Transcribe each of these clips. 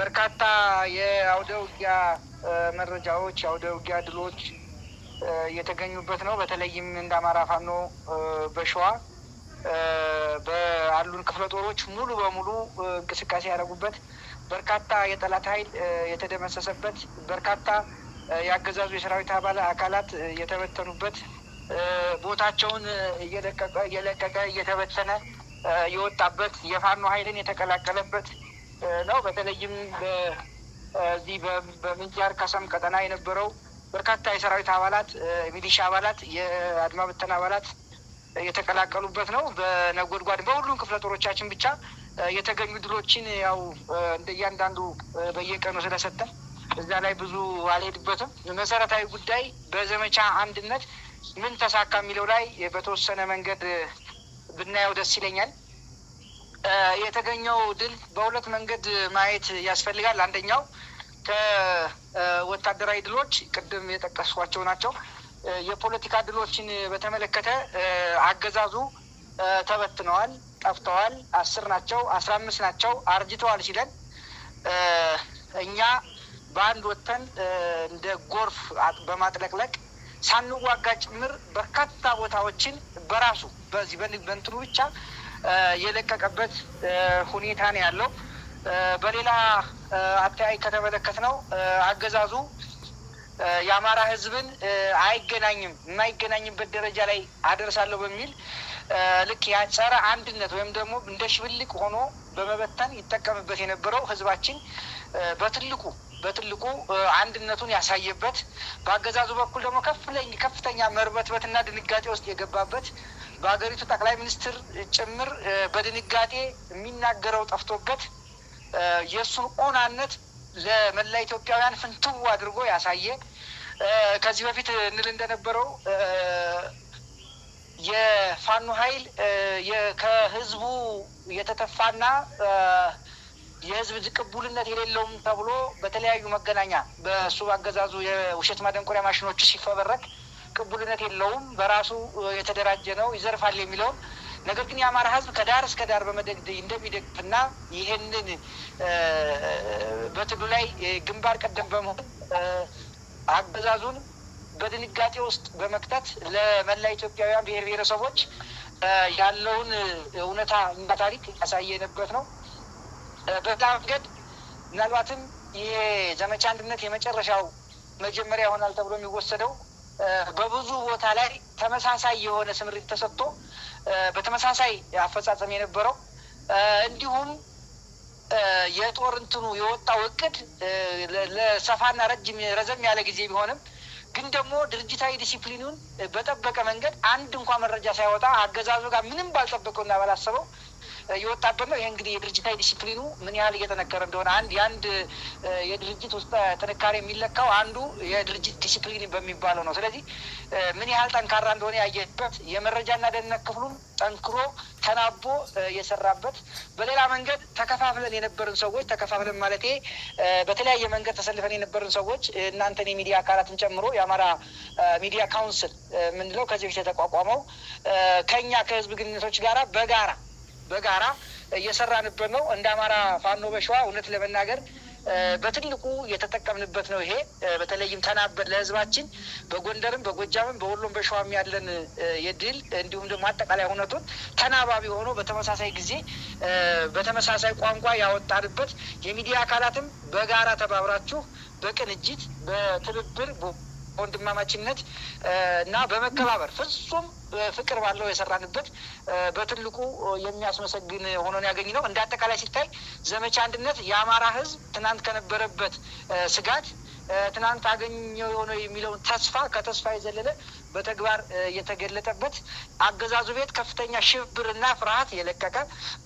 በርካታ የአውደ ውጊያ መረጃዎች፣ የአውደ ውጊያ ድሎች የተገኙበት ነው። በተለይም እንደ አማራ ፋኖ በሸዋ በአሉን ክፍለ ጦሮች ሙሉ በሙሉ እንቅስቃሴ ያደረጉበት በርካታ የጠላት ኃይል የተደመሰሰበት በርካታ የአገዛዙ የሰራዊት አባል አካላት የተበተኑበት ቦታቸውን እየለቀቀ እየተበተነ የወጣበት የፋኖ ኃይልን የተቀላቀለበት ነው። በተለይም በዚህ በምንጃር ከሰም ቀጠና የነበረው በርካታ የሰራዊት አባላት፣ የሚሊሻ አባላት፣ የአድማ ብተና አባላት የተቀላቀሉበት ነው። በነጎድጓድ በሁሉም ክፍለ ጦሮቻችን ብቻ የተገኙ ድሎችን ያው እንደ እያንዳንዱ በየቀኑ ስለሰጠን እዛ ላይ ብዙ አልሄድበትም። መሰረታዊ ጉዳይ በዘመቻ አንድነት ምን ተሳካ የሚለው ላይ በተወሰነ መንገድ ብናየው ደስ ይለኛል። የተገኘው ድል በሁለት መንገድ ማየት ያስፈልጋል። አንደኛው ከወታደራዊ ድሎች ቅድም የጠቀስኳቸው ናቸው። የፖለቲካ ድሎችን በተመለከተ አገዛዙ ተበትነዋል፣ ጠፍተዋል፣ አስር ናቸው፣ አስራ አምስት ናቸው፣ አርጅተዋል ሲለን እኛ በአንድ ወጥተን እንደ ጎርፍ በማጥለቅለቅ ሳንዋጋ ጭምር በርካታ ቦታዎችን በራሱ በዚህ በንትኑ ብቻ የለቀቀበት ሁኔታ ነው ያለው። በሌላ አተያይ ከተመለከት ነው አገዛዙ የአማራ ህዝብን አይገናኝም የማይገናኝበት ደረጃ ላይ አደርሳለሁ በሚል ልክ ያጸረ አንድነት ወይም ደግሞ እንደ ሽብልቅ ሆኖ በመበተን ይጠቀምበት የነበረው ህዝባችን በትልቁ በትልቁ አንድነቱን ያሳየበት በአገዛዙ በኩል ደግሞ ከፍተኛ መርበትበትና ድንጋጤ ውስጥ የገባበት በሀገሪቱ ጠቅላይ ሚኒስትር ጭምር በድንጋጤ የሚናገረው ጠፍቶበት የእሱን ኦናነት ለመላ ኢትዮጵያውያን ፍንትው አድርጎ ያሳየ ከዚህ በፊት እንል እንደነበረው የፋኖ ኃይል ከህዝቡ የተተፋና የህዝብ ቅቡልነት የሌለውም ተብሎ በተለያዩ መገናኛ በሱ አገዛዙ የውሸት ማደንቆሪያ ማሽኖቹ ሲፈበረክ ቅቡልነት የለውም፣ በራሱ የተደራጀ ነው፣ ይዘርፋል የሚለውም ነገር ግን የአማራ ህዝብ ከዳር እስከ ዳር በመደግደግ እንደሚደግፍና ይህንን በትግሉ ላይ ግንባር ቀደም በመሆን አገዛዙን በድንጋጤ ውስጥ በመክተት ለመላ ኢትዮጵያውያን ብሔር ብሔረሰቦች ያለውን እውነታ እና ታሪክ ያሳየንበት ነው። በዛ መንገድ ምናልባትም ይሄ ዘመቻ አንድነት የመጨረሻው መጀመሪያ ይሆናል ተብሎ የሚወሰደው በብዙ ቦታ ላይ ተመሳሳይ የሆነ ስምሪት ተሰጥቶ በተመሳሳይ አፈጻጸም የነበረው እንዲሁም የጦር እንትኑ የወጣው እቅድ ለሰፋና ረጅም ረዘም ያለ ጊዜ ቢሆንም ግን ደግሞ ድርጅታዊ ዲሲፕሊኑን በጠበቀ መንገድ አንድ እንኳ መረጃ ሳይወጣ አገዛዙ ጋር ምንም እና ባላሰበው የወጣበት ነው። ይህ እንግዲህ የድርጅታዊ ዲሲፕሊኑ ምን ያህል እየጠነከረ እንደሆነ አንድ የአንድ የድርጅት ውስጥ ጥንካሬ የሚለካው አንዱ የድርጅት ዲሲፕሊን በሚባለው ነው። ስለዚህ ምን ያህል ጠንካራ እንደሆነ ያየበት የመረጃና ደህንነት ክፍሉን ጠንክሮ ተናቦ የሰራበት በሌላ መንገድ ተከፋፍለን የነበርን ሰዎች ተከፋፍለን ማለት በተለያየ መንገድ ተሰልፈን የነበርን ሰዎች እናንተን የሚዲያ አካላትን ጨምሮ የአማራ ሚዲያ ካውንስል ምንለው ከዚህ በፊት የተቋቋመው ከኛ ከህዝብ ግንኙነቶች ጋራ በጋራ በጋራ እየሰራንበት ነው። እንደ አማራ ፋኖ በሸዋ እውነት ለመናገር በትልቁ የተጠቀምንበት ነው። ይሄ በተለይም ተናበን ለህዝባችን በጎንደርም በጎጃምም በወሎም በሸዋም ያለን የድል እንዲሁም ደግሞ አጠቃላይ እውነቱን ተናባቢ ሆኖ በተመሳሳይ ጊዜ በተመሳሳይ ቋንቋ ያወጣንበት የሚዲያ አካላትም በጋራ ተባብራችሁ በቅንጅት በትብብር ወንድማማችነት እና በመከባበር ፍጹም ፍቅር ባለው የሰራንበት በትልቁ የሚያስመሰግን ሆኖን ያገኝ ነው። እንደ አጠቃላይ ሲታይ ዘመቻ አንድነት የአማራ ህዝብ ትናንት ከነበረበት ስጋት ትናንት አገኘው የሆነ የሚለውን ተስፋ ከተስፋ የዘለለ በተግባር የተገለጠበት አገዛዙ ቤት ከፍተኛ ሽብርና ፍርሃት የለቀቀ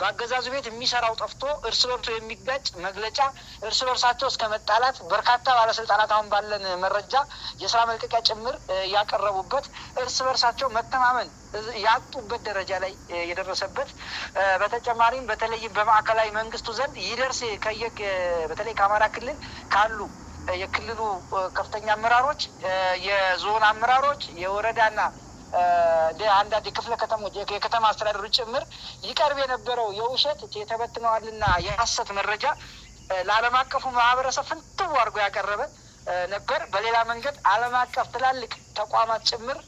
በአገዛዙ ቤት የሚሰራው ጠፍቶ እርስ በርሶ የሚጋጭ መግለጫ እርስ በርሳቸው እስከ መጣላት በርካታ ባለስልጣናት አሁን ባለን መረጃ የስራ መልቀቂያ ጭምር ያቀረቡበት እርስ በርሳቸው መተማመን ያጡበት ደረጃ ላይ የደረሰበት በተጨማሪም በተለይም በማዕከላዊ መንግስቱ ዘንድ ይደርስ ከየ በተለይ ከአማራ ክልል ካሉ የክልሉ ከፍተኛ አመራሮች፣ የዞን አመራሮች፣ የወረዳና አንዳንድ የክፍለ ከተሞች የከተማ አስተዳደሩ ጭምር ይቀርብ የነበረው የውሸት የተበትነዋልና የሀሰት መረጃ ለዓለም አቀፉ ማህበረሰብ ፍንትው አድርጎ ያቀረበ ነበር። በሌላ መንገድ ዓለም አቀፍ ትላልቅ ተቋማት ጭምር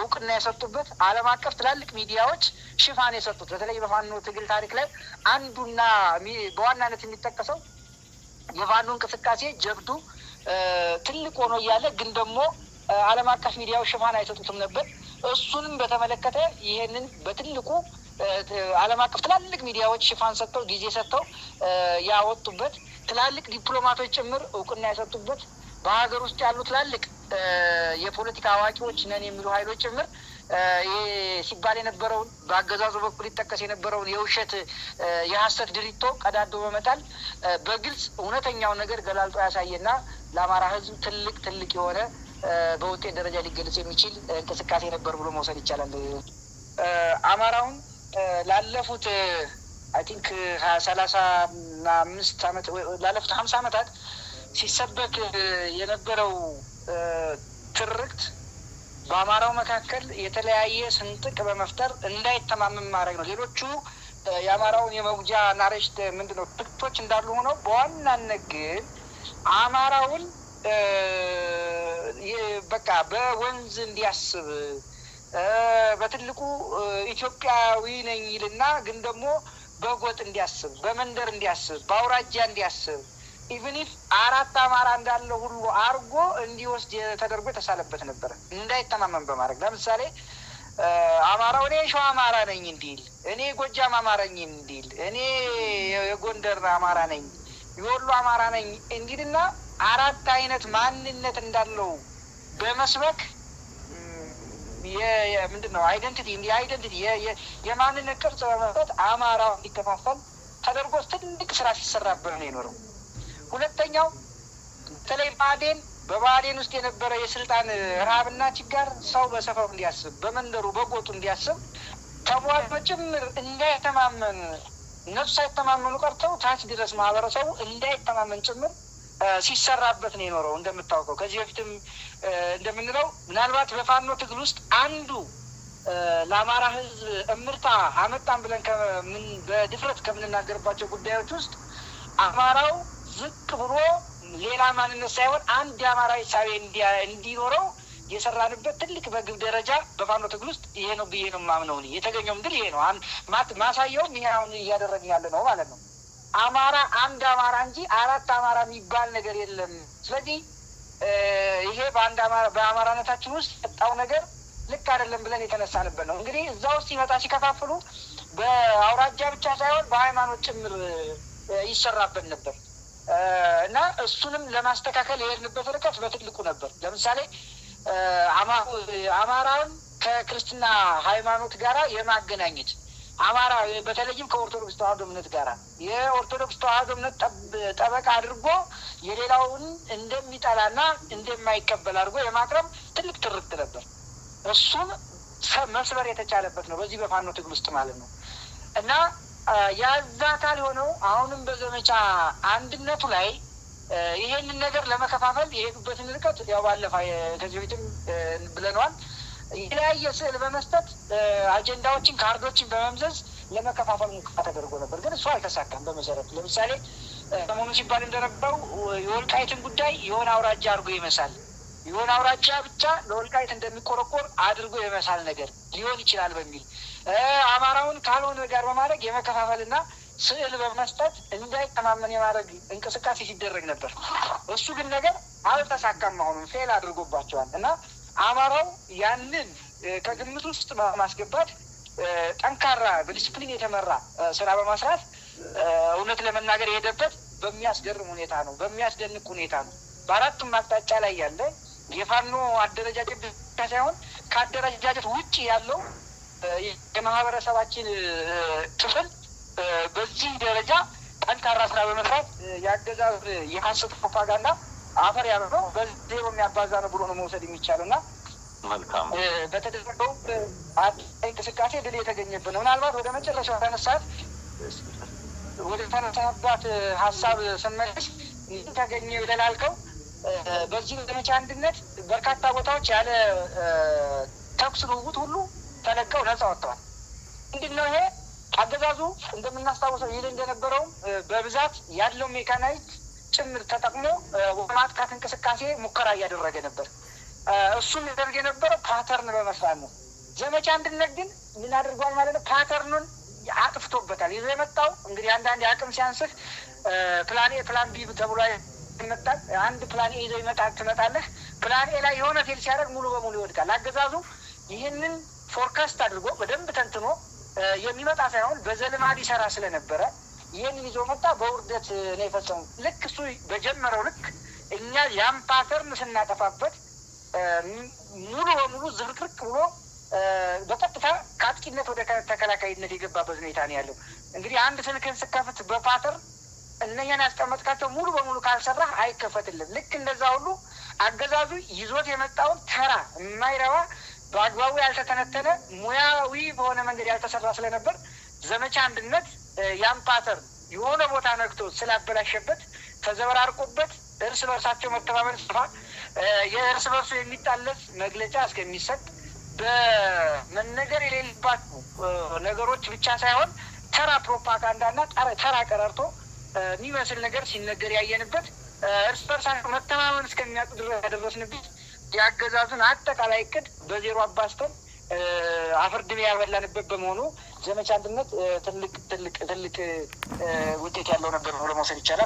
እውቅና የሰጡበት ዓለም አቀፍ ትላልቅ ሚዲያዎች ሽፋን የሰጡት በተለይ በፋኖ ትግል ታሪክ ላይ አንዱና በዋናነት የሚጠቀሰው የፋኖ እንቅስቃሴ ጀብዱ ትልቅ ሆኖ እያለ ግን ደግሞ ዓለም አቀፍ ሚዲያዎች ሽፋን አይሰጡትም ነበር። እሱንም በተመለከተ ይሄንን በትልቁ ዓለም አቀፍ ትላልቅ ሚዲያዎች ሽፋን ሰጥተው ጊዜ ሰጥተው ያወጡበት ትላልቅ ዲፕሎማቶች ጭምር እውቅና የሰጡበት በሀገር ውስጥ ያሉ ትላልቅ የፖለቲካ አዋቂዎች ነን የሚሉ ኃይሎች ጭምር ይሄ ሲባል የነበረውን በአገዛዙ በኩል ይጠቀስ የነበረውን የውሸት የሀሰት ድሪቶ ቀዳዶ በመጣል በግልጽ እውነተኛውን ነገር ገላልጦ ያሳየና ለአማራ ህዝብ ትልቅ ትልቅ የሆነ በውጤት ደረጃ ሊገለጽ የሚችል እንቅስቃሴ ነበር ብሎ መውሰድ ይቻላል። አማራውን ላለፉት አይ ቲንክ ሰላሳ አምስት ዓመት ላለፉት ሀምሳ ዓመታት ሲሰበክ የነበረው ትርክት በአማራው መካከል የተለያየ ስንጥቅ በመፍጠር እንዳይተማመን ማድረግ ነው። ሌሎቹ የአማራውን የመጉጃ ናሬሽት ምንድነው ትክቶች እንዳሉ ሆነው በዋናነት ግን አማራውን በቃ በወንዝ እንዲያስብ በትልቁ ኢትዮጵያዊ ነኝ ይልና ግን ደግሞ በጎጥ እንዲያስብ፣ በመንደር እንዲያስብ፣ በአውራጃ እንዲያስብ ኢቭኒፍ አራት አማራ እንዳለ ሁሉ አርጎ እንዲወስድ ተደርጎ የተሳለበት ነበረ። እንዳይተማመን በማድረግ ለምሳሌ አማራው እኔ የሸዋ አማራ ነኝ እንዲል፣ እኔ ጎጃም አማራ ነኝ እንዲል፣ እኔ የጎንደር አማራ ነኝ የወሎ አማራ ነኝ እንዲልና አራት አይነት ማንነት እንዳለው በመስበክ ምንድን ነው አይደንቲቲ የአይደንቲቲ የማንነት ቅርጽ በመስጠት አማራው እንዲከፋፈል ተደርጎ ትልቅ ስራ ሲሰራበት ነው የኖረው። ሁለተኛው በተለይ ባዴን በባዴን ውስጥ የነበረ የስልጣን ረሃብና ችጋር ሰው በሰፈሩ እንዲያስብ፣ በመንደሩ በጎጡ እንዲያስብ ተቧጭ ጭምር እንዳይተማመን እነሱ ሳይተማመኑ ቀርተው ታች ድረስ ማህበረሰቡ እንዳይተማመን ጭምር ሲሰራበት ነው የኖረው። እንደምታውቀው ከዚህ በፊትም እንደምንለው ምናልባት በፋኖ ትግል ውስጥ አንዱ ለአማራ ህዝብ እምርታ አመጣን ብለን በድፍረት ከምንናገርባቸው ጉዳዮች ውስጥ አማራው ዝቅ ብሎ ሌላ ማንነት ሳይሆን አንድ የአማራዊ ሳቤ እንዲኖረው የሰራንበት ትልቅ በግብ ደረጃ በፋኖ ትግል ውስጥ ይሄ ነው ብዬ ነው የማምነው። የተገኘው ምድል ይሄ ነው። ማሳየውም ይሄ አሁን እያደረግን ያለ ነው ማለት ነው። አማራ አንድ አማራ እንጂ አራት አማራ የሚባል ነገር የለም። ስለዚህ ይሄ በአንድ በአማራነታችን ውስጥ የመጣው ነገር ልክ አይደለም ብለን የተነሳንበት ነው። እንግዲህ እዛ ውስጥ ሲመጣ ሲከፋፍሉ በአውራጃ ብቻ ሳይሆን በሃይማኖት ጭምር ይሰራበት ነበር እና እሱንም ለማስተካከል የሄድንበት ርቀት በትልቁ ነበር። ለምሳሌ አማራውን ከክርስትና ሃይማኖት ጋር የማገናኘት አማራ በተለይም ከኦርቶዶክስ ተዋህዶ እምነት ጋር የኦርቶዶክስ ተዋህዶ እምነት ጠበቃ አድርጎ የሌላውን እንደሚጠላና እንደማይቀበል አድርጎ የማቅረብ ትልቅ ትርክት ነበር። እሱም መስበር የተቻለበት ነው በዚህ በፋኖ ትግል ውስጥ ማለት ነው እና የዛ አካል የሆነው አሁንም በዘመቻ አንድነቱ ላይ ይሄንን ነገር ለመከፋፈል የሄዱበትን ርቀት ያው ባለፈ ከዚህ በፊትም ብለነዋል። የተለያየ ስዕል በመስጠት አጀንዳዎችን፣ ካርዶችን በመምዘዝ ለመከፋፈል ሙከራ ተደርጎ ነበር፣ ግን እሱ አልተሳካም። በመሰረቱ ለምሳሌ ሰሞኑን ሲባል እንደነበረው የወልቃይትን ጉዳይ የሆነ አውራጃ አድርጎ ይመሳል የሆነ አውራጃ ብቻ ለወልቃይት እንደሚቆረቆር አድርጎ የመሳል ነገር ሊሆን ይችላል በሚል አማራውን ካልሆነ ጋር በማድረግ የመከፋፈልና ስዕል በመስጠት እንዳይተማመን የማድረግ እንቅስቃሴ ሲደረግ ነበር። እሱ ግን ነገር አልተሳካም፣ መሆኑን ፌል አድርጎባቸዋል። እና አማራው ያንን ከግምት ውስጥ በማስገባት ጠንካራ በዲስፕሊን የተመራ ስራ በማስራት እውነት ለመናገር የሄደበት በሚያስገርም ሁኔታ ነው፣ በሚያስደንቅ ሁኔታ ነው። በአራቱም አቅጣጫ ላይ ያለ የፋኖ አደረጃጀት ብቻ ሳይሆን ከአደረጃጀት ውጭ ያለው የማህበረሰባችን ክፍል በዚህ ደረጃ ጠንካራ ስራ በመስራት የአገዛዝ የሀሰት ፕሮፓጋንዳ አፈር ያለ ያበረው በዜሮ የሚያባዛ ነው ብሎ ነው መውሰድ የሚቻለው እና መልካም በተደረገው እንቅስቃሴ ድል የተገኘብን ነው። ምናልባት ወደ መጨረሻው ተነሳት ወደ ተነሳባት ሀሳብ ስመለስ ተገኘ ብለላልከው በዚህ ዘመቻ አንድነት በርካታ ቦታዎች ያለ ተኩስ ልውውጥ ሁሉ ተለቀው ነጻ ወጥተዋል። ምንድን ነው ይሄ? አገዛዙ እንደምናስታውሰው ይል እንደነበረው በብዛት ያለው ሜካናይት ጭምር ተጠቅሞ ማጥቃት እንቅስቃሴ ሙከራ እያደረገ ነበር። እሱም ያደርግ የነበረው ፓተርን በመስራት ነው። ዘመቻ አንድነት ግን ምን አድርጓል ማለት ነው? ፓተርኑን አጥፍቶበታል። ይዞ የመጣው እንግዲህ አንዳንድ አቅም ሲያንስህ ፕላን ኤ ፕላን ቢ ተብሎ ይመጣል። አንድ ፕላን ኤ ይዞ ይመጣ ትመጣለህ። ፕላን ኤ ላይ የሆነ ፌል ሲያደርግ ሙሉ በሙሉ ይወድቃል። አገዛዙ ይህንን ፎርካስት አድርጎ በደንብ ተንትኖ የሚመጣ ሳይሆን በዘልማድ ይሰራ ስለነበረ ይህን ይዞ መጣ። በውርደት ነው የፈጸሙ። ልክ እሱ በጀመረው ልክ እኛ ያን ፓተርን ስናጠፋበት ሙሉ በሙሉ ዝብርቅርቅ ብሎ በቀጥታ ከአጥቂነት ወደ ተከላካይነት የገባበት ሁኔታ ነው ያለው። እንግዲህ አንድ ስልክን ስከፍት በፓተር እነኛን ያስቀመጥካቸው ሙሉ በሙሉ ካልሰራህ አይከፈትልን። ልክ እንደዛ ሁሉ አገዛዙ ይዞት የመጣውን ተራ የማይረባ በአግባቡ ያልተተነተነ ሙያዊ በሆነ መንገድ ያልተሰራ ስለነበር ዘመቻ አንድነት ያን ፓተር የሆነ ቦታ ነክቶ ስላበላሸበት ተዘበራርቆበት እርስ በርሳቸው መተማመን ስፋ የእርስ በርሱ የሚጣለስ መግለጫ እስከሚሰጥ በመነገር የሌለባቸው ነገሮች ብቻ ሳይሆን ተራ ፕሮፓጋንዳና ተራ ቀረርቶ የሚመስል ነገር ሲነገር ያየንበት እርስ በርሳቸው መተማመን እስከሚያጡ ድረስ ያደረስንበት የአገዛዙን አጠቃላይ እቅድ በዜሮ አባስተን አፈርድሜ ያበላንበት በመሆኑ ዘመቻ አንድነት ትልቅ ትልቅ ትልቅ ውጤት ያለው ነበር ብሎ መውሰድ ይቻላል።